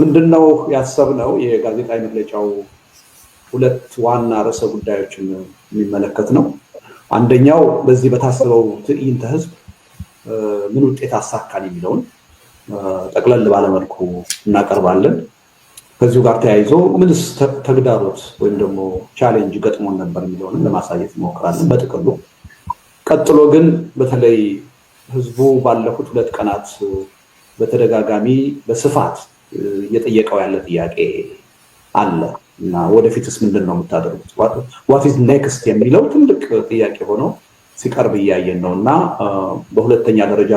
ምንድነው ያሰብነው? የጋዜጣዊ መግለጫው ሁለት ዋና ርዕሰ ጉዳዮችን የሚመለከት ነው። አንደኛው በዚህ በታሰበው ትዕይንተ ህዝብ ምን ውጤት አሳካን የሚለውን ጠቅለል ባለመልኩ እናቀርባለን። ከዚሁ ጋር ተያይዞ ምንስ ተግዳሮት ወይም ደግሞ ቻሌንጅ ገጥሞን ነበር የሚለውንም ለማሳየት እንሞክራለን በጥቅሉ። ቀጥሎ ግን በተለይ ህዝቡ ባለፉት ሁለት ቀናት በተደጋጋሚ በስፋት እየጠየቀው ያለ ጥያቄ አለ እና ወደፊትስ ምንድን ነው የምታደርጉት? ዋት ኢዝ ኔክስት የሚለው ትልቅ ጥያቄ ሆኖ ሲቀርብ እያየን ነው እና በሁለተኛ ደረጃ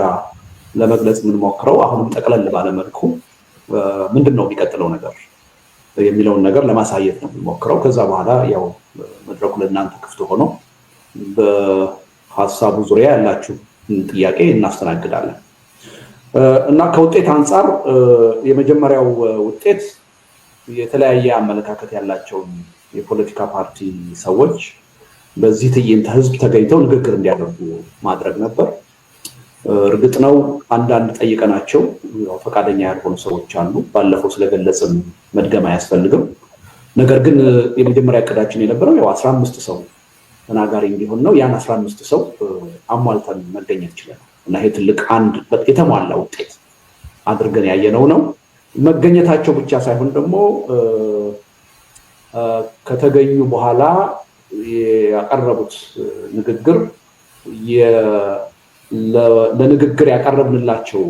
ለመግለጽ የምንሞክረው አሁንም ጠቅለል ባለመልኩ ምንድን ነው የሚቀጥለው ነገር የሚለውን ነገር ለማሳየት ነው የምንሞክረው። ከዛ በኋላ ያው መድረኩ ለእናንተ ክፍት ሆኖ በሀሳቡ ዙሪያ ያላችሁ ጥያቄ እናስተናግዳለን። Uh, እና ከውጤት አንጻር uh, የመጀመሪያው uh, ውጤት የተለያየ አመለካከት ያላቸውን የፖለቲካ ፓርቲ ሰዎች በዚህ ትዕይንተ ህዝብ ተገኝተው ንግግር እንዲያደርጉ ማድረግ ነበር። እርግጥ ነው አንዳንድ ጠይቀናቸው ፈቃደኛ ያልሆኑ ሰዎች አሉ። ባለፈው ስለገለጽን መድገም አያስፈልግም። ነገር ግን የመጀመሪያ እቅዳችን የነበረው ያው አስራ አምስት ሰው ተናጋሪ እንዲሆን ነው። ያን አስራ አምስት ሰው አሟልተን መገኘት ችለናል። እና ይሄ ትልቅ አንድ የተሟላ ውጤት አድርገን ያየነው ነው። መገኘታቸው ብቻ ሳይሆን ደግሞ ከተገኙ በኋላ ያቀረቡት ንግግር ለንግግር ያቀረብንላቸው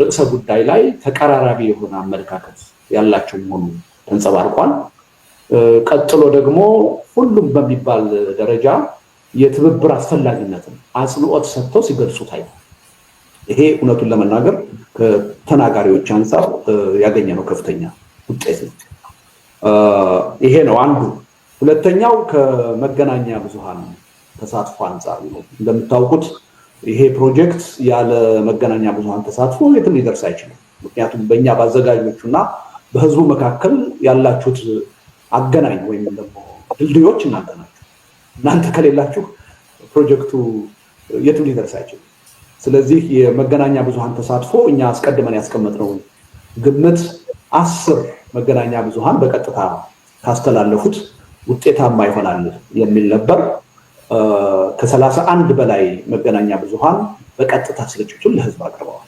ርዕሰ ጉዳይ ላይ ተቀራራቢ የሆነ አመለካከት ያላቸው መሆኑ ተንጸባርቋል። ቀጥሎ ደግሞ ሁሉም በሚባል ደረጃ የትብብር አስፈላጊነትን አጽንኦት ሰጥተው ሲገልጹ ታይቷል። ይሄ እውነቱን ለመናገር ከተናጋሪዎች አንጻር ነው ከፍተኛ ውጤት ነው። ይሄ ነው አንዱ። ሁለተኛው ከመገናኛ ብዙሃን ተሳትፎ አንጻር ነው። እንደምታውቁት ይሄ ፕሮጀክት ያለ መገናኛ ብዙሃን ተሳትፎ የትም ሊደርስ አይችልም። ምክንያቱም በእኛ በአዘጋጆቹ እና በህዝቡ መካከል ያላችሁት አገናኝ ወይም ደግሞ ድልድዮች እናንተ ናችሁ። እናንተ ከሌላችሁ ፕሮጀክቱ የትም ሊደርስ አይችልም። ስለዚህ የመገናኛ ብዙሃን ተሳትፎ እኛ አስቀድመን ነው ግምት አስር መገናኛ ብዙሃን በቀጥታ ካስተላለፉት ውጤታማ ይሆናል የሚል ነበር። ከሰላሳ አንድ በላይ መገናኛ ብዙሃን በቀጥታ ስርጭቱን ለህዝብ አቅርበዋል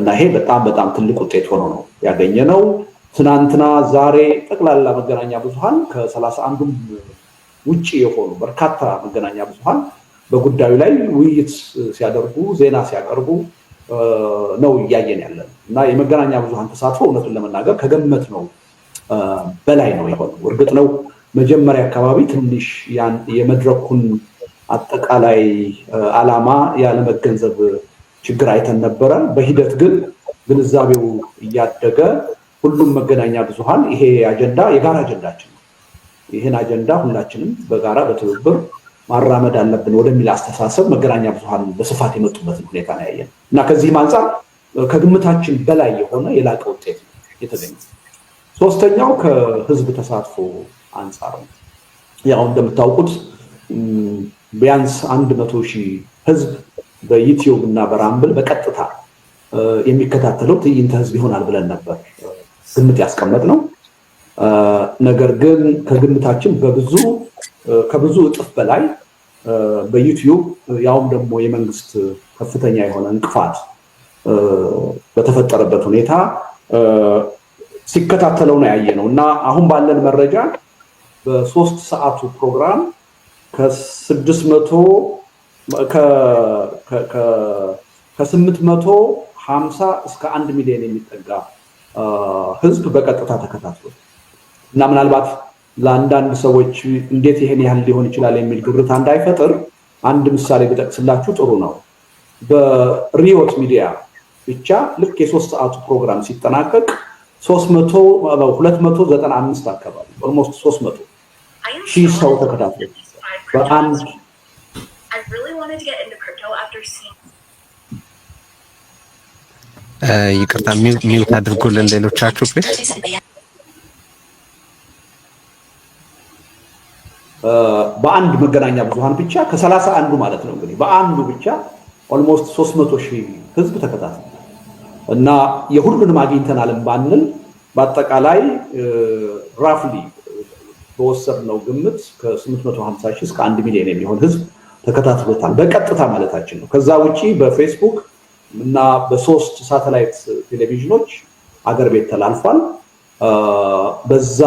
እና ይሄ በጣም በጣም ትልቅ ውጤት ሆኖ ነው ያገኘ ትናንትና ዛሬ ጠቅላላ መገናኛ ብዙሃን ከሰላሳ አንዱም ውጭ የሆኑ በርካታ መገናኛ ብዙሃን በጉዳዩ ላይ ውይይት ሲያደርጉ፣ ዜና ሲያቀርቡ ነው እያየን ያለን እና የመገናኛ ብዙሃን ተሳትፎ እውነቱን ለመናገር ከገመት ነው በላይ ነው የሆነው። እርግጥ ነው መጀመሪያ አካባቢ ትንሽ የመድረኩን አጠቃላይ ዓላማ ያለመገንዘብ ችግር አይተን ነበረ። በሂደት ግን ግንዛቤው እያደገ ሁሉም መገናኛ ብዙሃን ይሄ አጀንዳ የጋራ አጀንዳችን ይህን አጀንዳ ሁላችንም በጋራ በትብብር ማራመድ አለብን ወደሚል አስተሳሰብ መገናኛ ብዙሃን በስፋት የመጡበትን ሁኔታ ነው ያየን እና ከዚህም አንጻር ከግምታችን በላይ የሆነ የላቀ ውጤት የተገኘ። ሶስተኛው ከህዝብ ተሳትፎ አንጻር ነው። ያው እንደምታውቁት ቢያንስ አንድ መቶ ሺህ ህዝብ በዩትዩብ እና በራምብል በቀጥታ የሚከታተለው ትዕይንተ ህዝብ ይሆናል ብለን ነበር ግምት ያስቀመጥ ነው። ነገር ግን ከግምታችን በብዙ ከብዙ እጥፍ በላይ በዩትዩብ ያውም ደግሞ የመንግስት ከፍተኛ የሆነ እንቅፋት በተፈጠረበት ሁኔታ ሲከታተለው ነው ያየ ነው እና አሁን ባለን መረጃ በሶስት ሰዓቱ ፕሮግራም ከስድስት መቶ ከስምንት መቶ ሀምሳ እስከ አንድ ሚሊዮን የሚጠጋ ህዝብ በቀጥታ ተከታትሏል። እና ምናልባት ለአንዳንድ ሰዎች እንዴት ይሄን ያህል ሊሆን ይችላል የሚል ግርታ እንዳይፈጥር አንድ ምሳሌ ብጠቅስላችሁ ጥሩ ነው። በሪዮት ሚዲያ ብቻ ልክ የሶስት ሰዓቱ ፕሮግራም ሲጠናቀቅ 295 አካባቢ ኦልሞስት መቶ ሺህ ሰው ተከታትሎ በአንድ ይቅርታ ሚውት አድርጎልን ሌሎቻችሁ ፕሌስ በአንድ መገናኛ ብዙሃን ብቻ ከሰላሳ አንዱ ማለት ነው እንግዲህ በአንዱ ብቻ ኦልሞስት 300 ሺህ ህዝብ ተከታትሏል እና የሁሉንም አግኝተናልን ባንል በአጠቃላይ ራፍሊ በወሰድነው ግምት ከ850 ሺህ እስከ 1 ሚሊዮን የሚሆን ህዝብ ተከታትሎታል። በቀጥታ ማለታችን ነው። ከዛ ውጪ በፌስቡክ እና በሶስት ሳተላይት ቴሌቪዥኖች አገር ቤት ተላልፏል። በዛ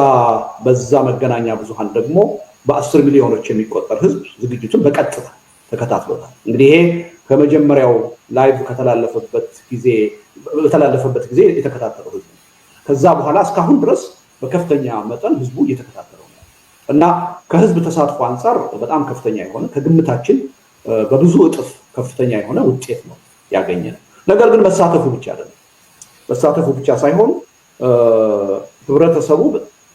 በዛ መገናኛ ብዙሃን ደግሞ በአስር ሚሊዮኖች የሚቆጠር ህዝብ ዝግጅቱን በቀጥታ ተከታትሎታል። እንግዲህ ይሄ ከመጀመሪያው ላይቭ ከተላለፈበት ጊዜ በተላለፈበት ጊዜ የተከታተለው ህዝብ ነው። ከዛ በኋላ እስካሁን ድረስ በከፍተኛ መጠን ህዝቡ እየተከታተለው ነው እና ከህዝብ ተሳትፎ አንጻር በጣም ከፍተኛ የሆነ ከግምታችን በብዙ እጥፍ ከፍተኛ የሆነ ውጤት ነው ያገኘ ነው። ነገር ግን መሳተፉ ብቻ አይደለም። መሳተፉ ብቻ ሳይሆን ህብረተሰቡ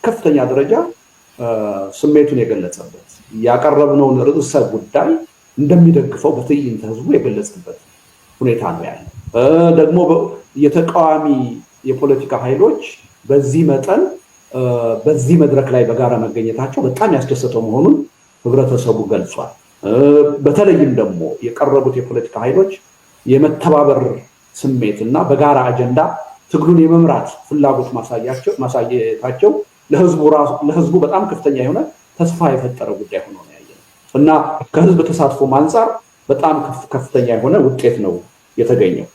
ከፍተኛ ደረጃ ስሜቱን የገለጸበት ያቀረብነውን ርዕሰ ጉዳይ እንደሚደግፈው በትዕይንተ ህዝቡ የገለጸበት ሁኔታ ነው ያለ። ደግሞ የተቃዋሚ የፖለቲካ ኃይሎች በዚህ መጠን በዚህ መድረክ ላይ በጋራ መገኘታቸው በጣም ያስደሰተው መሆኑን ህብረተሰቡ ገልጿል። በተለይም ደግሞ የቀረቡት የፖለቲካ ኃይሎች የመተባበር ስሜት እና በጋራ አጀንዳ ትግሉን የመምራት ፍላጎት ማሳየታቸው ለህዝቡ በጣም ከፍተኛ የሆነ ተስፋ የፈጠረ ጉዳይ ሆኖ ነው ያየነው እና ከህዝብ ተሳትፎ አንጻር በጣም ከፍተኛ የሆነ ውጤት ነው የተገኘው።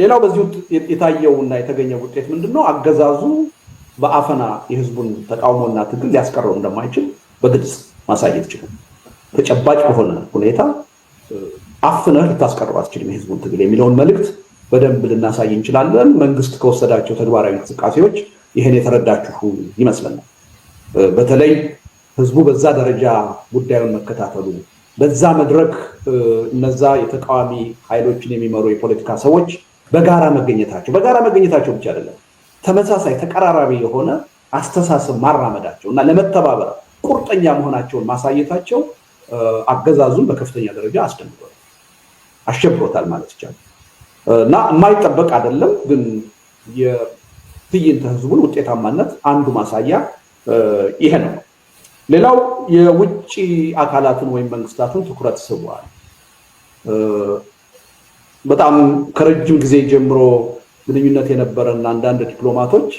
ሌላው በዚህ የታየው እና የተገኘው ውጤት ምንድን ነው? አገዛዙ በአፈና የህዝቡን ተቃውሞና ትግል ሊያስቀረው እንደማይችል በግልጽ ማሳየት ችሉ። ተጨባጭ በሆነ ሁኔታ አፍነህ ልታስቀረው አትችልም የህዝቡን ትግል የሚለውን መልእክት በደንብ ልናሳይ እንችላለን። መንግስት ከወሰዳቸው ተግባራዊ እንቅስቃሴዎች ይህን የተረዳችሁ ይመስለናል። በተለይ ህዝቡ በዛ ደረጃ ጉዳዩን መከታተሉ በዛ መድረክ እነዛ የተቃዋሚ ኃይሎችን የሚመሩ የፖለቲካ ሰዎች በጋራ መገኘታቸው በጋራ መገኘታቸው ብቻ አይደለም ተመሳሳይ ተቀራራቢ የሆነ አስተሳሰብ ማራመዳቸው እና ለመተባበር ቁርጠኛ መሆናቸውን ማሳየታቸው አገዛዙን በከፍተኛ ደረጃ አስደንግጧል፣ አሸብሮታል ማለት ይቻላል። እና የማይጠበቅ አይደለም፣ ግን የትዕይንተ ህዝቡን ውጤታማነት አንዱ ማሳያ ይሄ ነው። ሌላው የውጭ አካላትን ወይም መንግስታትን ትኩረት ስቧል። በጣም ከረጅም ጊዜ ጀምሮ ግንኙነት የነበረን አንዳንድ ዲፕሎማቶች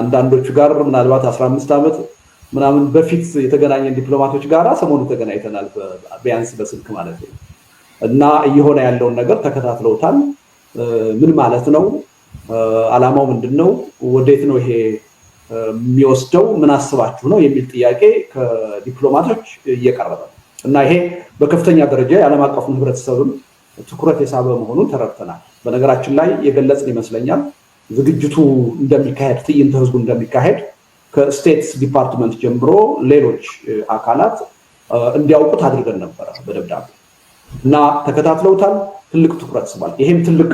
አንዳንዶቹ ጋር ምናልባት 15 ዓመት ምናምን በፊት የተገናኘን ዲፕሎማቶች ጋር ሰሞኑ ተገናኝተናል፣ ቢያንስ በስልክ ማለት ነው። እና እየሆነ ያለውን ነገር ተከታትለውታል። ምን ማለት ነው? አላማው ምንድን ነው? ወዴት ነው ይሄ የሚወስደው? ምን አስባችሁ ነው የሚል ጥያቄ ከዲፕሎማቶች እየቀረበ ነው እና ይሄ በከፍተኛ ደረጃ የዓለም አቀፉን ህብረተሰብም ትኩረት የሳበ መሆኑን ተረድተናል። በነገራችን ላይ የገለጽን ይመስለኛል ዝግጅቱ እንደሚካሄድ ትዕይንተ ህዝቡ እንደሚካሄድ ከስቴትስ ዲፓርትመንት ጀምሮ ሌሎች አካላት እንዲያውቁት አድርገን ነበረ በደብዳቤ እና ተከታትለውታል። ትልቅ ትኩረት ስቧል። ይሄም ትልቅ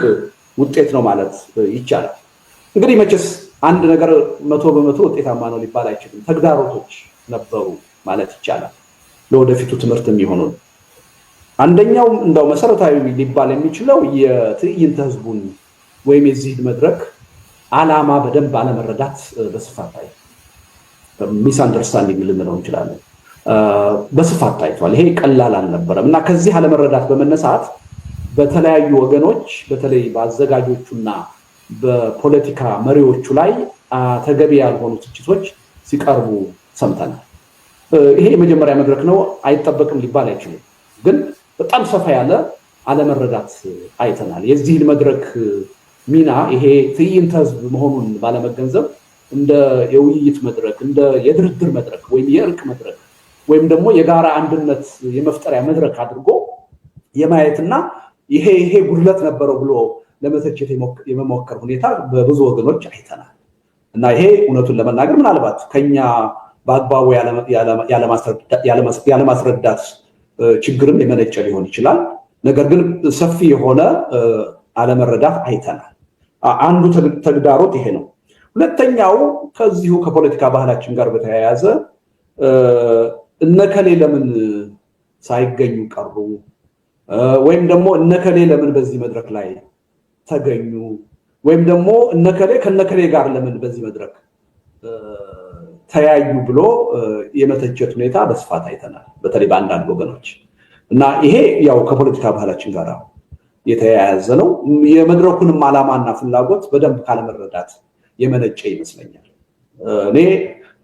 ውጤት ነው ማለት ይቻላል። እንግዲህ መቼስ አንድ ነገር መቶ በመቶ ውጤታማ ነው ሊባል አይችልም። ተግዳሮቶች ነበሩ ማለት ይቻላል። ለወደፊቱ ትምህርት የሚሆኑን አንደኛው እንደው መሰረታዊ ሊባል የሚችለው የትዕይንተ ህዝቡን ወይም የዚህ መድረክ አላማ በደንብ አለመረዳት በስፋት ታይ ሚስ አንደርስታንዲንግ ልንለው እንችላለን። በስፋት ታይቷል። ይሄ ቀላል አልነበረም እና ከዚህ አለመረዳት በመነሳት በተለያዩ ወገኖች በተለይ በአዘጋጆቹና በፖለቲካ መሪዎቹ ላይ ተገቢ ያልሆኑ ትችቶች ሲቀርቡ ሰምተናል። ይሄ የመጀመሪያ መድረክ ነው፣ አይጠበቅም ሊባል አይችልም። ግን በጣም ሰፋ ያለ አለመረዳት አይተናል። የዚህን መድረክ ሚና ይሄ ትዕይንተ ህዝብ መሆኑን ባለመገንዘብ እንደ የውይይት መድረክ እንደ የድርድር መድረክ ወይም የእርቅ መድረክ ወይም ደግሞ የጋራ አንድነት የመፍጠሪያ መድረክ አድርጎ የማየትና ይሄ ይሄ ጉድለት ነበረው ብሎ ለመተቸት የመሞከር ሁኔታ በብዙ ወገኖች አይተናል እና ይሄ እውነቱን ለመናገር ምናልባት ከኛ በአግባቡ ያለማስረዳት ችግርም የመነጨ ሊሆን ይችላል። ነገር ግን ሰፊ የሆነ አለመረዳት አይተናል። አንዱ ተግዳሮት ይሄ ነው። ሁለተኛው ከዚሁ ከፖለቲካ ባህላችን ጋር በተያያዘ እነከሌ ለምን ሳይገኙ ቀሩ ወይም ደግሞ እነከሌ ለምን በዚህ መድረክ ላይ ተገኙ ወይም ደግሞ እነከሌ ከነከሌ ጋር ለምን በዚህ መድረክ ተያዩ ብሎ የመተቸት ሁኔታ በስፋት አይተናል፣ በተለይ በአንዳንድ ወገኖች እና ይሄ ያው ከፖለቲካ ባህላችን ጋር የተያያዘ ነው። የመድረኩንም ዓላማና ፍላጎት በደንብ ካለመረዳት የመነጨ ይመስለኛል። እኔ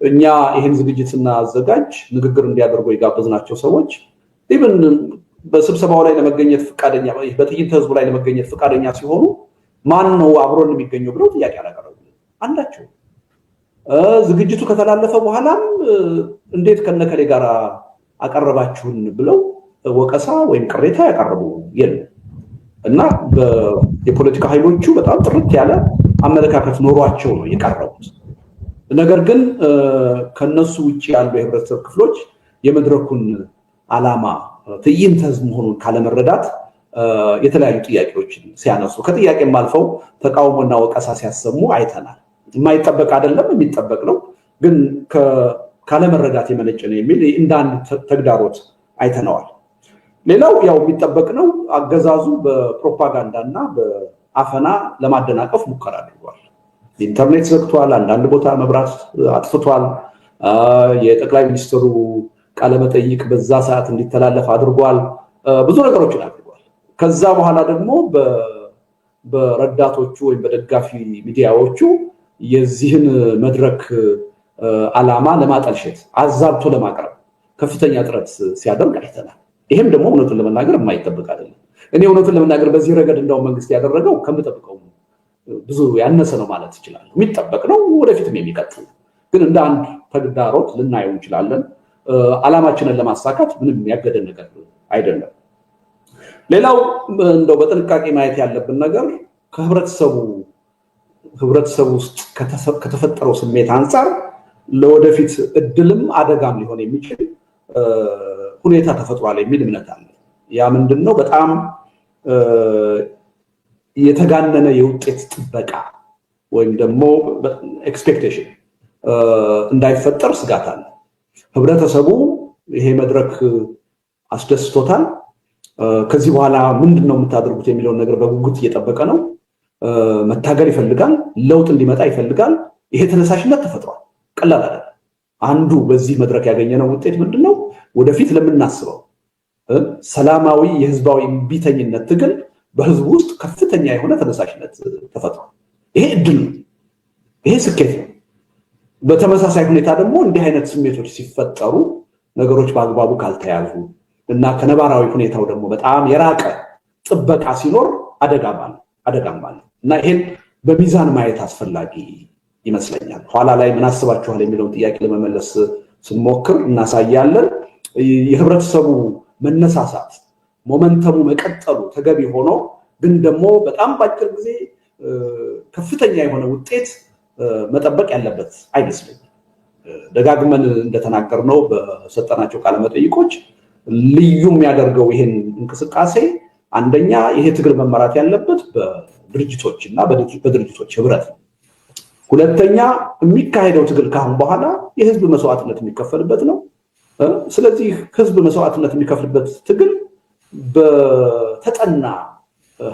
እኛ ይህን ዝግጅት ስናዘጋጅ ንግግር እንዲያደርጉ የጋበዝናቸው ሰዎች ኢቨን በስብሰባው ላይ ለመገኘት ፈቃደኛ በትዕይንተ ህዝቡ ላይ ለመገኘት ፈቃደኛ ሲሆኑ ማን ነው አብሮን የሚገኘው ብለው ጥያቄ አላቀረቡ አንዳቸው። ዝግጅቱ ከተላለፈ በኋላም እንዴት ከነከሌ ጋር አቀረባችሁን ብለው ወቀሳ ወይም ቅሬታ ያቀረቡ የለ እና የፖለቲካ ኃይሎቹ በጣም ጥርት ያለ አመለካከት ኖሯቸው ነው የቀረቡት። ነገር ግን ከነሱ ውጭ ያሉ የህብረተሰብ ክፍሎች የመድረኩን አላማ ትዕይንተ ህዝብ መሆኑን ካለመረዳት የተለያዩ ጥያቄዎችን ሲያነሱ ከጥያቄም አልፈው ተቃውሞና ወቀሳ ሲያሰሙ አይተናል። የማይጠበቅ አይደለም፣ የሚጠበቅ ነው። ግን ካለመረዳት የመነጨ ነው የሚል እንደ አንድ ተግዳሮት አይተነዋል። ሌላው ያው የሚጠበቅ ነው። አገዛዙ በፕሮፓጋንዳ እና በአፈና ለማደናቀፍ ሙከራ አድርጓል። ኢንተርኔት ዘግቷል። አንዳንድ ቦታ መብራት አጥፍቷል። የጠቅላይ ሚኒስትሩ ቃለመጠይቅ በዛ ሰዓት እንዲተላለፍ አድርጓል። ብዙ ነገሮችን አድርጓል። ከዛ በኋላ ደግሞ በረዳቶቹ ወይም በደጋፊ ሚዲያዎቹ የዚህን መድረክ ዓላማ ለማጠልሸት አዛብቶ ለማቅረብ ከፍተኛ ጥረት ሲያደርግ አይተናል። ይሄም ደግሞ እውነቱን ለመናገር የማይጠብቅ አይደለም። እኔ እውነቱን ለመናገር በዚህ ረገድ እንደውም መንግስት ያደረገው ከምጠብቀው ብዙ ያነሰ ነው ማለት ይችላል። የሚጠበቅ ነው፣ ወደፊትም የሚቀጥል ግን እንደ አንድ ተግዳሮት ልናየው እንችላለን። አላማችንን ለማሳካት ምንም የሚያገደን ነገር አይደለም። ሌላው እንደው በጥንቃቄ ማየት ያለብን ነገር ከህብረተሰቡ ህብረተሰቡ ውስጥ ከተፈጠረው ስሜት አንጻር ለወደፊት እድልም አደጋም ሊሆን የሚችል ሁኔታ ተፈጥሯል የሚል እምነት አለ። ያ ምንድን ነው? በጣም የተጋነነ የውጤት ጥበቃ ወይም ደግሞ ኤክስፔክቴሽን እንዳይፈጠር ስጋት አለ። ህብረተሰቡ ይሄ መድረክ አስደስቶታል። ከዚህ በኋላ ምንድን ነው የምታደርጉት የሚለውን ነገር በጉጉት እየጠበቀ ነው። መታገል ይፈልጋል። ለውጥ እንዲመጣ ይፈልጋል። ይሄ ተነሳሽነት ተፈጥሯል። ቀላል አይደለም። አንዱ በዚህ መድረክ ያገኘነው ውጤት ምንድን ነው? ወደፊት ለምናስበው ሰላማዊ የህዝባዊ እምቢተኝነት ትግል በህዝቡ ውስጥ ከፍተኛ የሆነ ተነሳሽነት ተፈጥሯል። ይሄ እድል ነው። ይሄ ስኬት ነው። በተመሳሳይ ሁኔታ ደግሞ እንዲህ አይነት ስሜቶች ሲፈጠሩ ነገሮች በአግባቡ ካልተያዙ እና ከነባራዊ ሁኔታው ደግሞ በጣም የራቀ ጥበቃ ሲኖር አደጋም አለ እና ይሄን በሚዛን ማየት አስፈላጊ ይመስለኛል። ኋላ ላይ ምን አስባችኋል የሚለውን ጥያቄ ለመመለስ ስንሞክር እናሳያለን። የህብረተሰቡ መነሳሳት ሞመንተሙ መቀጠሉ ተገቢ ሆኖ ግን ደግሞ በጣም በአጭር ጊዜ ከፍተኛ የሆነ ውጤት መጠበቅ ያለበት አይመስለኝም። ደጋግመን እንደተናገርነው በሰጠናቸው ቃለመጠይቆች ልዩ የሚያደርገው ይሄን እንቅስቃሴ አንደኛ ይሄ ትግል መመራት ያለበት በድርጅቶች እና በድርጅቶች ህብረት ነው። ሁለተኛ የሚካሄደው ትግል ካሁን በኋላ የህዝብ መስዋዕትነት የሚከፈልበት ነው። ስለዚህ ህዝብ መስዋዕትነት የሚከፍልበት ትግል በተጠና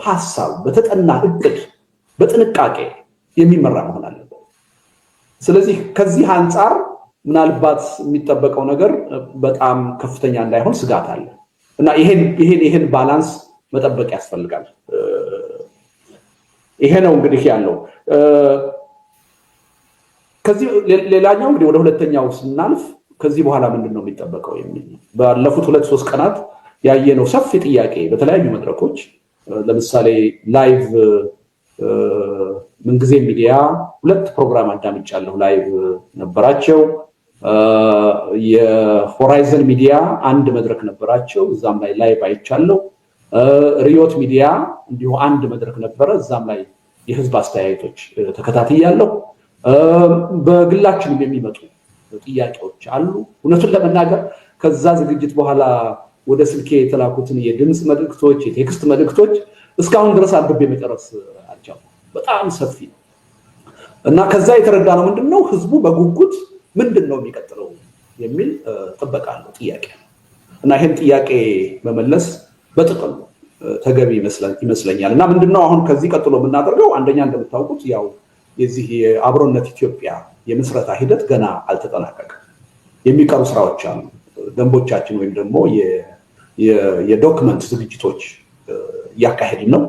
ሀሳብ፣ በተጠና እቅድ፣ በጥንቃቄ የሚመራ መሆን አለ። ስለዚህ ከዚህ አንጻር ምናልባት የሚጠበቀው ነገር በጣም ከፍተኛ እንዳይሆን ስጋት አለ እና ይሄን ይሄን ባላንስ መጠበቅ ያስፈልጋል። ይሄ ነው እንግዲህ ያለው። ከዚህ ሌላኛው እንግዲህ ወደ ሁለተኛው ስናልፍ ከዚህ በኋላ ምንድን ነው የሚጠበቀው የሚል ባለፉት ሁለት ሶስት ቀናት ያየነው ሰፊ ጥያቄ በተለያዩ መድረኮች ለምሳሌ ላይቭ ምንጊዜ ሚዲያ ሁለት ፕሮግራም አዳምጫለሁ። ላይቭ ነበራቸው። የሆራይዘን ሚዲያ አንድ መድረክ ነበራቸው። እዛም ላይ ላይቭ አይቻለሁ። ሪዮት ሚዲያ እንዲሁ አንድ መድረክ ነበረ። እዛም ላይ የህዝብ አስተያየቶች ተከታትያለሁ። በግላችንም የሚመጡ ጥያቄዎች አሉ። እውነቱን ለመናገር ከዛ ዝግጅት በኋላ ወደ ስልኬ የተላኩትን የድምፅ መልእክቶች፣ የቴክስት መልእክቶች እስካሁን ድረስ አድቤ መጨረስ በጣም ሰፊ ነው እና ከዛ የተረዳ ነው ምንድን ነው ህዝቡ በጉጉት ምንድን ነው የሚቀጥለው የሚል ጥበቃ አለው ጥያቄ እና ይህን ጥያቄ መመለስ በጥቅሉ ተገቢ ይመስለኛል። እና ምንድነው አሁን ከዚህ ቀጥሎ የምናደርገው? አንደኛ እንደምታውቁት ያው የዚህ የአብሮነት ኢትዮጵያ የምስረታ ሂደት ገና አልተጠናቀቀም። የሚቀሩ ስራዎች አሉ። ደንቦቻችን ወይም ደግሞ የዶክመንት ዝግጅቶች እያካሄድን ነው።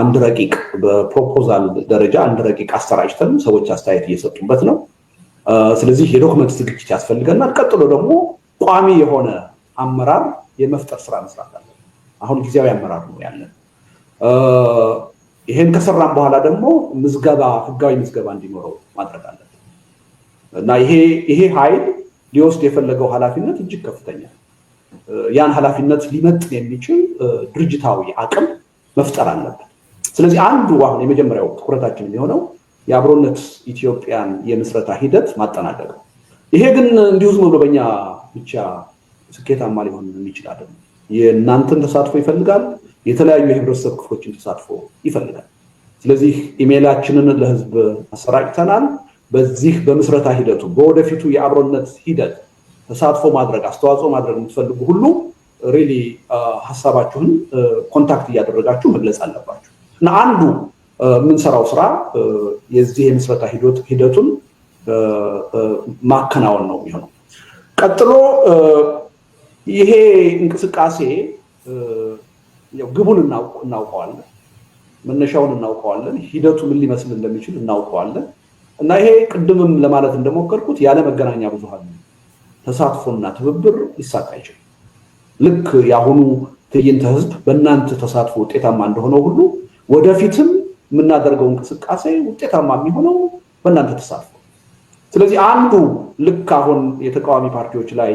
አንድ ረቂቅ በፕሮፖዛል ደረጃ አንድ ረቂቅ አሰራጭተን ሰዎች አስተያየት እየሰጡበት ነው። ስለዚህ የዶክመንት ዝግጅት ያስፈልገናል። ቀጥሎ ደግሞ ቋሚ የሆነ አመራር የመፍጠር ስራ መስራት አለ። አሁን ጊዜያዊ አመራር ነው ያለን። ይሄን ከሰራም በኋላ ደግሞ ምዝገባ፣ ህጋዊ ምዝገባ እንዲኖረው ማድረግ አለን እና ይሄ ኃይል ሊወስድ የፈለገው ኃላፊነት እጅግ ከፍተኛ ያን ኃላፊነት ሊመጥን የሚችል ድርጅታዊ አቅም መፍጠር አለበት። ስለዚህ አንዱ አሁን የመጀመሪያው ትኩረታችን የሚሆነው የአብሮነት ኢትዮጵያን የምስረታ ሂደት ማጠናቀቅ ነው። ይሄ ግን እንዲሁ ዝም ብሎ በኛ ብቻ ስኬታማ ሊሆን የሚችል አይደለም። የእናንተን ተሳትፎ ይፈልጋል። የተለያዩ የህብረተሰብ ክፍሎችን ተሳትፎ ይፈልጋል። ስለዚህ ኢሜይላችንን ለህዝብ አሰራጭተናል። በዚህ በምስረታ ሂደቱ በወደፊቱ የአብሮነት ሂደት ተሳትፎ ማድረግ አስተዋጽኦ ማድረግ የምትፈልጉ ሁሉ ሪሊ ሀሳባችሁን ኮንታክት እያደረጋችሁ መግለጽ አለባችሁ። እና አንዱ የምንሰራው ስራ የዚህ የምስረታ ሂደቱን ማከናወን ነው የሚሆነው። ቀጥሎ ይሄ እንቅስቃሴ ግቡን እናውቀዋለን፣ መነሻውን እናውቀዋለን፣ ሂደቱ ምን ሊመስል እንደሚችል እናውቀዋለን እና ይሄ ቅድምም ለማለት እንደሞከርኩት ያለ መገናኛ ብዙሃን ተሳትፎና ትብብር ሊሳካ አይችልም። ልክ የአሁኑ ትዕይንተ ህዝብ በእናንተ ተሳትፎ ውጤታማ እንደሆነው ሁሉ ወደፊትም የምናደርገው እንቅስቃሴ ውጤታማ የሚሆነው በእናንተ ተሳትፎ። ስለዚህ አንዱ ልክ አሁን የተቃዋሚ ፓርቲዎች ላይ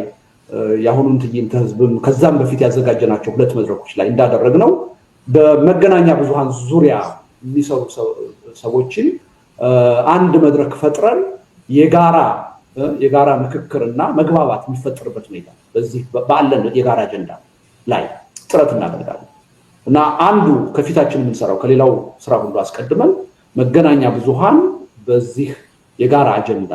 የአሁኑን ትዕይንተ ህዝብም ከዛም በፊት ያዘጋጀናቸው ሁለት መድረኮች ላይ እንዳደረግነው በመገናኛ ብዙሃን ዙሪያ የሚሰሩ ሰዎችን አንድ መድረክ ፈጥረን የጋራ የጋራ ምክክር እና መግባባት የሚፈጠርበት ሁኔታ በዚህ ባለን የጋራ አጀንዳ ላይ ጥረት እናደርጋለን። እና አንዱ ከፊታችን የምንሰራው ከሌላው ስራ ሁሉ አስቀድመን መገናኛ ብዙሃን በዚህ የጋራ አጀንዳ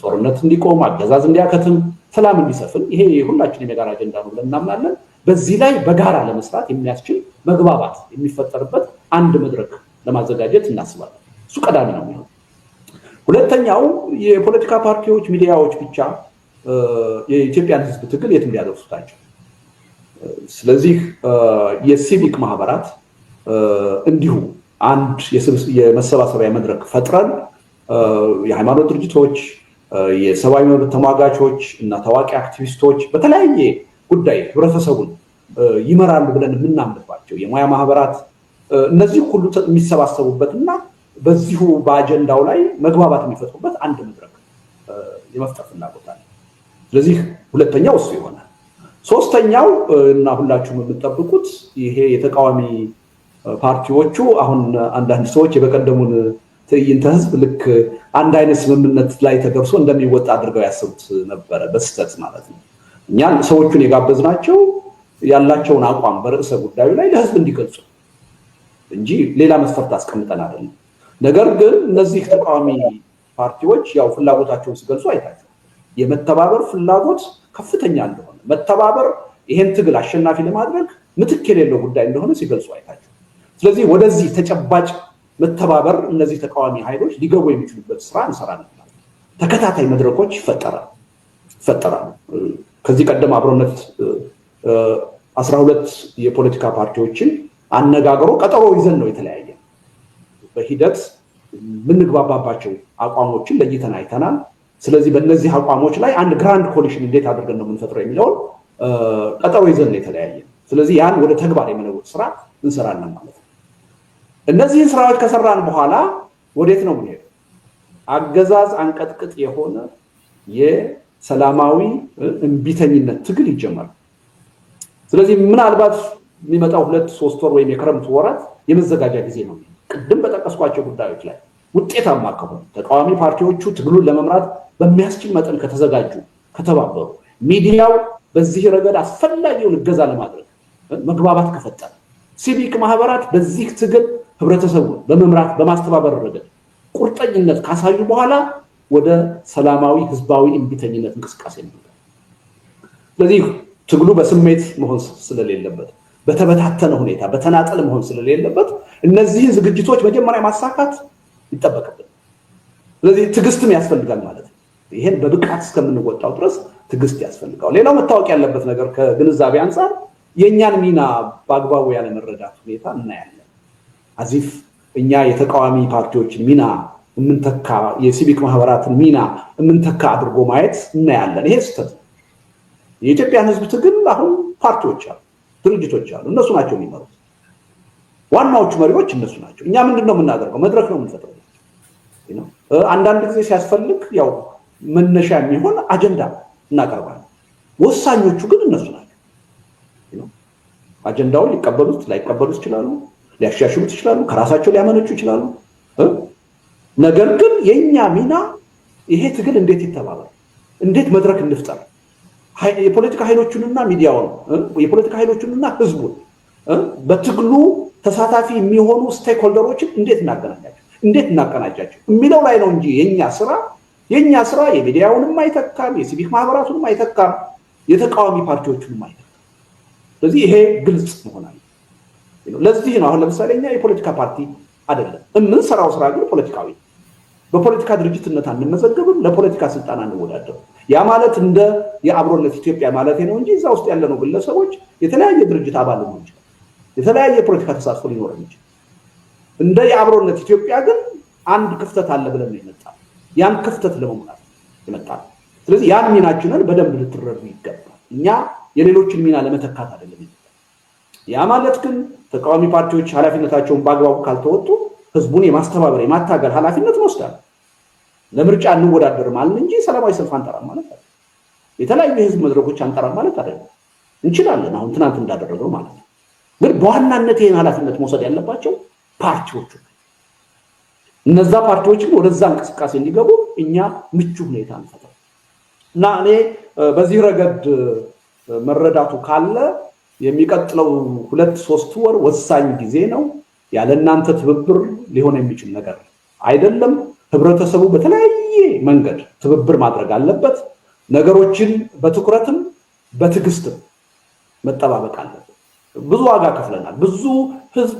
ጦርነት እንዲቆም አገዛዝ እንዲያከትም ሰላም እንዲሰፍን ይሄ ሁላችንም የጋራ አጀንዳ ነው ብለን እናምናለን። በዚህ ላይ በጋራ ለመስራት የሚያስችል መግባባት የሚፈጠርበት አንድ መድረክ ለማዘጋጀት እናስባለን። እሱ ቀዳሚ ነው የሚሆን። ሁለተኛው የፖለቲካ ፓርቲዎች፣ ሚዲያዎች ብቻ የኢትዮጵያን ሕዝብ ትግል የት እንዲያደርሱታቸው። ስለዚህ የሲቪክ ማህበራት እንዲሁ አንድ የመሰባሰቢያ መድረክ ፈጥረን የሃይማኖት ድርጅቶች፣ የሰብአዊ መብት ተሟጋቾች እና ታዋቂ አክቲቪስቶች በተለያየ ጉዳይ ህብረተሰቡን ይመራሉ ብለን የምናምንባቸው የሙያ ማህበራት እነዚህ ሁሉ እና በዚሁ በአጀንዳው ላይ መግባባት የሚፈጥሩበት አንድ መድረክ የመፍጠር ፍላጎት አለ። ስለዚህ ሁለተኛው እሱ ይሆናል። ሶስተኛው እና ሁላችሁም የምጠብቁት ይሄ የተቃዋሚ ፓርቲዎቹ አሁን አንዳንድ ሰዎች የበቀደሙን ትዕይንተ ህዝብ ልክ አንድ አይነት ስምምነት ላይ ተገብሶ እንደሚወጣ አድርገው ያስቡት ነበረ፣ በስህተት ማለት ነው። እኛ ሰዎቹን የጋበዝናቸው ያላቸውን አቋም በርዕሰ ጉዳዩ ላይ ለህዝብ እንዲገልጹ እንጂ ሌላ መስፈርት አስቀምጠን አይደለም። ነገር ግን እነዚህ ተቃዋሚ ፓርቲዎች ያው ፍላጎታቸውን ሲገልጹ አይታቸው የመተባበር ፍላጎት ከፍተኛ አለው። ነው። መተባበር ይሄን ትግል አሸናፊ ለማድረግ ምትክ የሌለው ጉዳይ እንደሆነ ሲገልጹ አይታቸው። ስለዚህ ወደዚህ ተጨባጭ መተባበር እነዚህ ተቃዋሚ ኃይሎች ሊገቡ የሚችሉበት ስራ እንሰራለን። ተከታታይ መድረኮች ይፈጠራሉ። ከዚህ ቀደም አብሮነት አስራ ሁለት የፖለቲካ ፓርቲዎችን አነጋግሮ ቀጠሮ ይዘን ነው የተለያየ በሂደት የምንግባባባቸው አቋሞችን ለይተን አይተናል። ስለዚህ በእነዚህ አቋሞች ላይ አንድ ግራንድ ኮሊሽን እንዴት አድርገን ነው የምንፈጥረው የሚለውን ቀጠሮ ይዘን የተለያየ። ስለዚህ ያን ወደ ተግባር የመለወጥ ስራ እንሰራለን ማለት ነው። እነዚህን ስራዎች ከሰራን በኋላ ወዴት ነው ምንሄድ? አገዛዝ አንቀጥቅጥ የሆነ የሰላማዊ እምቢተኝነት ትግል ይጀመራል። ስለዚህ ምናልባት የሚመጣው ሁለት ሶስት ወር ወይም የክረምት ወራት የመዘጋጃ ጊዜ ነው። ቅድም በጠቀስኳቸው ጉዳዮች ላይ ውጤታማ ከሆነ ተቃዋሚ ፓርቲዎቹ ትግሉን ለመምራት በሚያስችል መጠን ከተዘጋጁ፣ ከተባበሩ፣ ሚዲያው በዚህ ረገድ አስፈላጊውን እገዛ ለማድረግ መግባባት ከፈጠረ፣ ሲቪክ ማህበራት በዚህ ትግል ህብረተሰቡን በመምራት በማስተባበር ረገድ ቁርጠኝነት ካሳዩ በኋላ ወደ ሰላማዊ ህዝባዊ እምቢተኝነት እንቅስቃሴ ነው። ስለዚህ ትግሉ በስሜት መሆን ስለሌለበት በተበታተነ ሁኔታ በተናጠል መሆን ስለሌለበት እነዚህን ዝግጅቶች መጀመሪያ ማሳካት ይጠበቅብን። ስለዚህ ትዕግስትም ያስፈልጋል ማለት ነው። ይሄን በብቃት እስከምንወጣው ድረስ ትዕግስት ያስፈልጋል። ሌላው መታወቅ ያለበት ነገር ከግንዛቤ አንጻር የእኛን ሚና በአግባቡ ያለመረዳት ሁኔታ እናያለን። አዚፍ እኛ የተቃዋሚ ፓርቲዎችን ሚና የምንተካ የሲቪክ ማህበራትን ሚና የምንተካ አድርጎ ማየት እናያለን። ይሄ ስህተት ነው። የኢትዮጵያን ሕዝብ ትግል አሁን ፓርቲዎች አሉ፣ ድርጅቶች አሉ። እነሱ ናቸው የሚመሩት። ዋናዎቹ መሪዎች እነሱ ናቸው። እኛ ምንድን ነው የምናደርገው? መድረክ ነው የምንፈጥረው አንዳንድ ጊዜ ሲያስፈልግ ያው መነሻ የሚሆን አጀንዳ እናቀርባለን። ወሳኞቹ ግን እነሱ ናቸው። አጀንዳውን ሊቀበሉት ላይቀበሉት ይችላሉ፣ ሊያሻሽሉት ይችላሉ፣ ከራሳቸው ሊያመነጩ ይችላሉ። ነገር ግን የእኛ ሚና ይሄ ትግል እንዴት ይተባበር፣ እንዴት መድረክ እንፍጠር፣ የፖለቲካ ኃይሎቹንና ሚዲያውን፣ የፖለቲካ ኃይሎቹንና ህዝቡን በትግሉ ተሳታፊ የሚሆኑ ስቴክሆልደሮችን እንዴት እናገናኛቸው እንዴት እናቀናጃቸው የሚለው ላይ ነው እንጂ የኛ ስራ የእኛ ስራ የሚዲያውንም አይተካም፣ የሲቪክ ማህበራቱንም አይተካም፣ የተቃዋሚ ፓርቲዎቹንም አይተካም። ስለዚህ ይሄ ግልጽ መሆናል። ለዚህ ነው አሁን ለምሳሌ እኛ የፖለቲካ ፓርቲ አይደለም። የምንሰራው ስራ ግን ፖለቲካዊ በፖለቲካ ድርጅትነት አንመዘገብም። ለፖለቲካ ስልጣን አንወዳደርም። ያ ማለት እንደ የአብሮነት ኢትዮጵያ ማለት ነው እንጂ እዛ ውስጥ ያለነው ግለሰቦች የተለያየ ድርጅት አባል ሊሆን ይችላል። የተለያየ የፖለቲካ ተሳትፎ ሊኖረን ይችላል። እንደ የአብሮነት ኢትዮጵያ ግን አንድ ክፍተት አለ ብለን ነው የመጣ ያን ክፍተት ለመሙላት የመጣ ስለዚህ ያን ሚናችንን በደንብ ልትረዱ ይገባል። እኛ የሌሎችን ሚና ለመተካት አይደለም። ያ ማለት ግን ተቃዋሚ ፓርቲዎች ኃላፊነታቸውን በአግባቡ ካልተወጡ ህዝቡን የማስተባበር የማታገል ኃላፊነት እንወስዳለን። ለምርጫ እንወዳደርም አልን እንጂ ሰላማዊ ሰልፍ አንጠራም ማለት አለ። የተለያዩ የህዝብ መድረኮች አንጠራም ማለት አይደለም። እንችላለን፣ አሁን ትናንት እንዳደረገው ማለት ነው። ግን በዋናነት ይህን ኃላፊነት መውሰድ ያለባቸው ፓርቲዎቹ እነዛ ፓርቲዎችም ወደዛ እንቅስቃሴ እንዲገቡ እኛ ምቹ ሁኔታ እንፈጥር እና እኔ በዚህ ረገድ መረዳቱ ካለ የሚቀጥለው ሁለት ሶስት ወር ወሳኝ ጊዜ ነው። ያለ እናንተ ትብብር ሊሆን የሚችል ነገር አይደለም። ህብረተሰቡ በተለያየ መንገድ ትብብር ማድረግ አለበት። ነገሮችን በትኩረትም በትዕግስትም መጠባበቅ አለበት። ብዙ ዋጋ ከፍለናል። ብዙ ህዝብ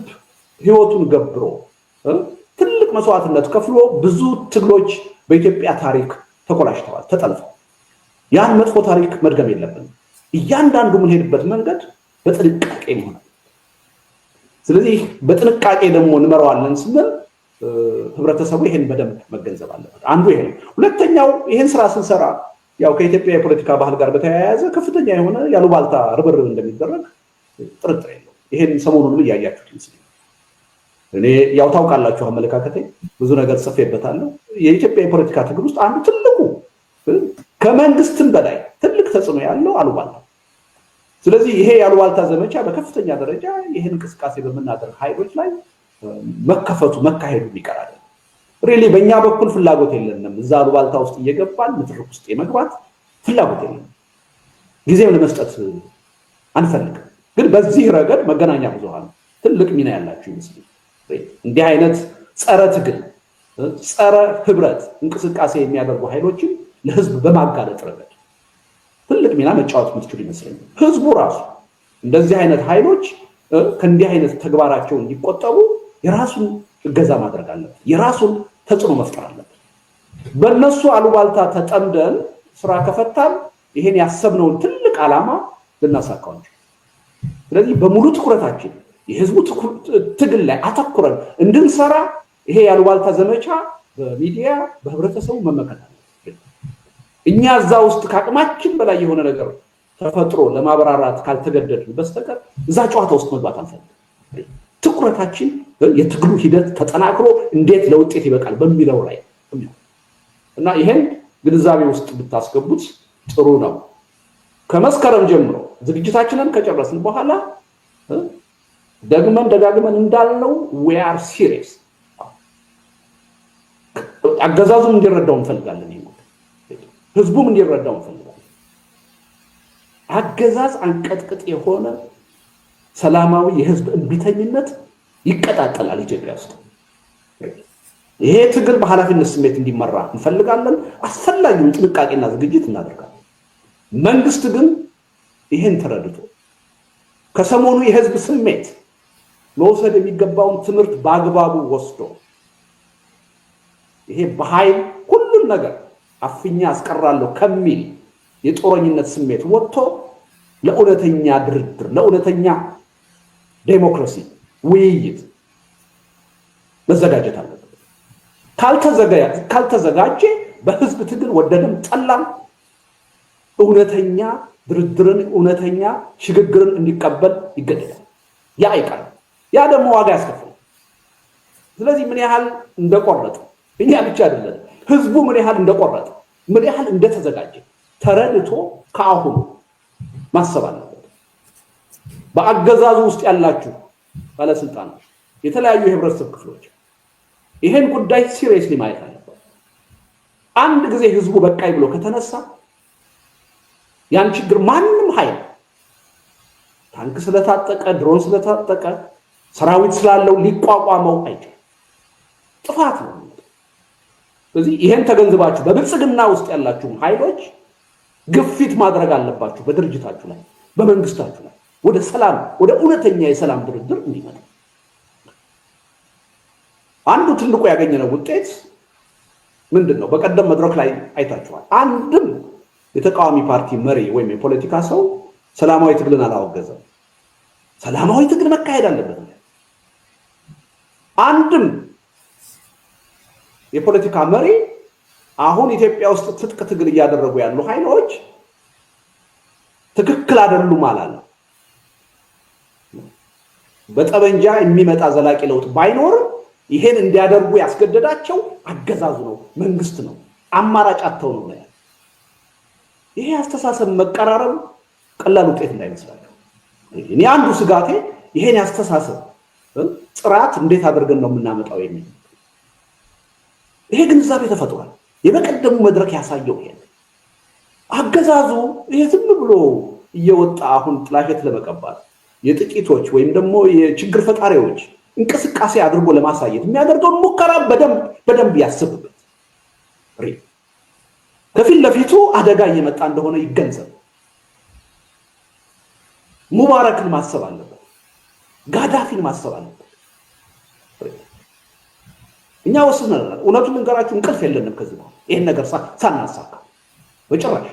ህይወቱን ገብሮ ትልቅ መስዋዕትነት ከፍሎ ብዙ ትግሎች በኢትዮጵያ ታሪክ ተኮላሽተዋል፣ ተጠልፈዋል። ያን መጥፎ ታሪክ መድገም የለብን። እያንዳንዱ የምንሄድበት መንገድ በጥንቃቄ ይሆናል። ስለዚህ በጥንቃቄ ደግሞ እንመራዋለን ስንል ህብረተሰቡ ይሄን በደንብ መገንዘብ አለበት። አንዱ ይሄ ነው። ሁለተኛው ይሄን ስራ ስንሰራ ያው ከኢትዮጵያ የፖለቲካ ባህል ጋር በተያያዘ ከፍተኛ የሆነ ያሉባልታ ርብርብ እንደሚደረግ ጥርጥር የለው። ይሄን ሰሞኑንም እያያችሁት ይመስለኛል። እኔ ያው ታውቃላችሁ አመለካከቴ ብዙ ነገር ጽፌበታለሁ። የኢትዮጵያ የፖለቲካ ትግል ውስጥ አንዱ ትልቁ ከመንግስትም በላይ ትልቅ ተጽዕኖ ያለው አሉባልታ። ስለዚህ ይሄ የአሉባልታ ዘመቻ በከፍተኛ ደረጃ ይህን እንቅስቃሴ በምናደርግ ኃይሎች ላይ መከፈቱ መካሄዱ ይቀራል። ሪሊ በእኛ በኩል ፍላጎት የለንም። እዛ አሉባልታ ውስጥ እየገባን ምትርክ ውስጥ የመግባት ፍላጎት የለንም። ጊዜም ለመስጠት አንፈልግም። ግን በዚህ ረገድ መገናኛ ብዙሃን ትልቅ ሚና ያላቸው ይመስላል። እንዲህ አይነት ጸረ ትግል ጸረ ህብረት እንቅስቃሴ የሚያደርጉ ኃይሎችን ለህዝብ በማጋለጥ ረገድ ትልቅ ሚና መጫወት የምትችሉ ይመስለኛል። ህዝቡ ራሱ እንደዚህ አይነት ኃይሎች ከእንዲህ አይነት ተግባራቸው እንዲቆጠቡ የራሱን እገዛ ማድረግ አለበት። የራሱን ተጽዕኖ መፍጠር አለበት። በእነሱ አሉባልታ ተጠምደን ስራ ከፈታን ይሄን ያሰብነውን ትልቅ ዓላማ ልናሳካው እንችል። ስለዚህ በሙሉ ትኩረታችን የህዝቡ ትግል ላይ አተኩረን እንድንሰራ ይሄ ያልባልታ ዘመቻ በሚዲያ በህብረተሰቡ መመከት እኛ እዛ ውስጥ ከአቅማችን በላይ የሆነ ነገር ተፈጥሮ ለማብራራት ካልተገደድን በስተቀር እዛ ጨዋታ ውስጥ መግባት አልፈልግም። ትኩረታችን የትግሉ ሂደት ተጠናክሮ እንዴት ለውጤት ይበቃል በሚለው ላይ እና ይሄን ግንዛቤ ውስጥ ብታስገቡት ጥሩ ነው። ከመስከረም ጀምሮ ዝግጅታችንን ከጨረስን በኋላ ደግመን ደጋግመን እንዳልነው ዊ አር ሲሪየስ አገዛዙም እንዲረዳው እንፈልጋለን። ይሄ ህዝቡም እንዲረዳው እንፈልጋለን። አገዛዝ አንቀጥቅጥ የሆነ ሰላማዊ የህዝብ እንቢተኝነት ይቀጣጠላል ኢትዮጵያ ውስጥ። ይሄ ትግል በኃላፊነት ስሜት እንዲመራ እንፈልጋለን። አስፈላጊውን ጥንቃቄና ዝግጅት እናደርጋለን። መንግስት ግን ይህን ተረድቶ ከሰሞኑ የህዝብ ስሜት መውሰድ የሚገባውን ትምህርት በአግባቡ ወስዶ ይሄ በኃይል ሁሉን ነገር አፍኛ አስቀራለሁ ከሚል የጦረኝነት ስሜት ወጥቶ ለእውነተኛ ድርድር፣ ለእውነተኛ ዴሞክራሲ ውይይት መዘጋጀት አለበት። ካልተዘጋጀ በህዝብ ትግል ወደደም ጠላም እውነተኛ ድርድርን እውነተኛ ሽግግርን እንዲቀበል ይገደዳል። ያ አይቀርም። ያ ደግሞ ዋጋ ያስከፍላል። ስለዚህ ምን ያህል እንደቆረጠ እኛ ብቻ አይደለም፣ ህዝቡ ምን ያህል እንደቆረጠ ምን ያህል እንደተዘጋጀ ተረድቶ ከአሁኑ ማሰብ አለበት። በአገዛዙ ውስጥ ያላችሁ ባለስልጣኖች፣ የተለያዩ የህብረተሰብ ክፍሎች ይሄን ጉዳይ ሲሪየስሊ ማየት አለበት። አንድ ጊዜ ህዝቡ በቃይ ብሎ ከተነሳ ያን ችግር ማንም ኃይል ታንክ ስለታጠቀ ድሮን ስለታጠቀ ሰራዊት ስላለው ሊቋቋመው አይችልም። ጥፋት ነው። ስለዚህ ይሄን ተገንዝባችሁ በብልጽግና ውስጥ ያላችሁም ኃይሎች ግፊት ማድረግ አለባችሁ፣ በድርጅታችሁ ላይ፣ በመንግስታችሁ ላይ ወደ ሰላም ወደ እውነተኛ የሰላም ድርድር እንዲመጣ አንዱ ትልቁ ያገኘነው ውጤት ምንድን ነው? በቀደም መድረክ ላይ አይታችኋል። አንድም የተቃዋሚ ፓርቲ መሪ ወይም የፖለቲካ ሰው ሰላማዊ ትግልን አላወገዘም። ሰላማዊ ትግል መካሄድ አለበት። አንድም የፖለቲካ መሪ አሁን ኢትዮጵያ ውስጥ ትጥቅ ትግል እያደረጉ ያሉ ኃይሎች ትክክል አይደሉም አላለም። በጠመንጃ የሚመጣ ዘላቂ ለውጥ ባይኖርም ይሄን እንዲያደርጉ ያስገደዳቸው አገዛዙ ነው፣ መንግስት ነው፣ አማራጭ አጥተው ነው ያለ። ይሄ አስተሳሰብ መቀራረብ ቀላል ውጤት እንዳይመስላቸው። እኔ አንዱ ስጋቴ ይሄን ያስተሳሰብ ጥራት እንዴት አድርገን ነው የምናመጣው የሚል ይሄ ግንዛቤ ተፈጥሯል። የበቀደሙ መድረክ ያሳየው ይሄ አገዛዙ ይሄ ዝም ብሎ እየወጣ አሁን ጥላሸት ለመቀባት የጥቂቶች ወይም ደግሞ የችግር ፈጣሪዎች እንቅስቃሴ አድርጎ ለማሳየት የሚያደርገውን ሙከራ በደንብ ያስብበት። ከፊት ለፊቱ አደጋ እየመጣ እንደሆነ ይገንዘብ። ሙባረክን ማሰብ አለበት። ጋዳፊን ማሰብ አለበት። እኛ ወስነናል። እውነቱን ልንገራችሁ እንቅልፍ የለንም ከዚህ በኋላ ይህን ነገር ሳናሳካ በጭራሽ።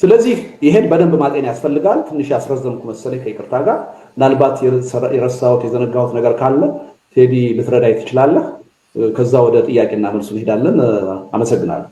ስለዚህ ይሄን በደንብ ማጤን ያስፈልጋል። ትንሽ ያስረዘምኩ መሰለኝ ከይቅርታ ጋር። ምናልባት የረሳሁት የዘነጋሁት ነገር ካለ ቴዲ ልትረዳይ ትችላለህ። ከዛ ወደ ጥያቄና መልሱ እንሄዳለን። አመሰግናለሁ።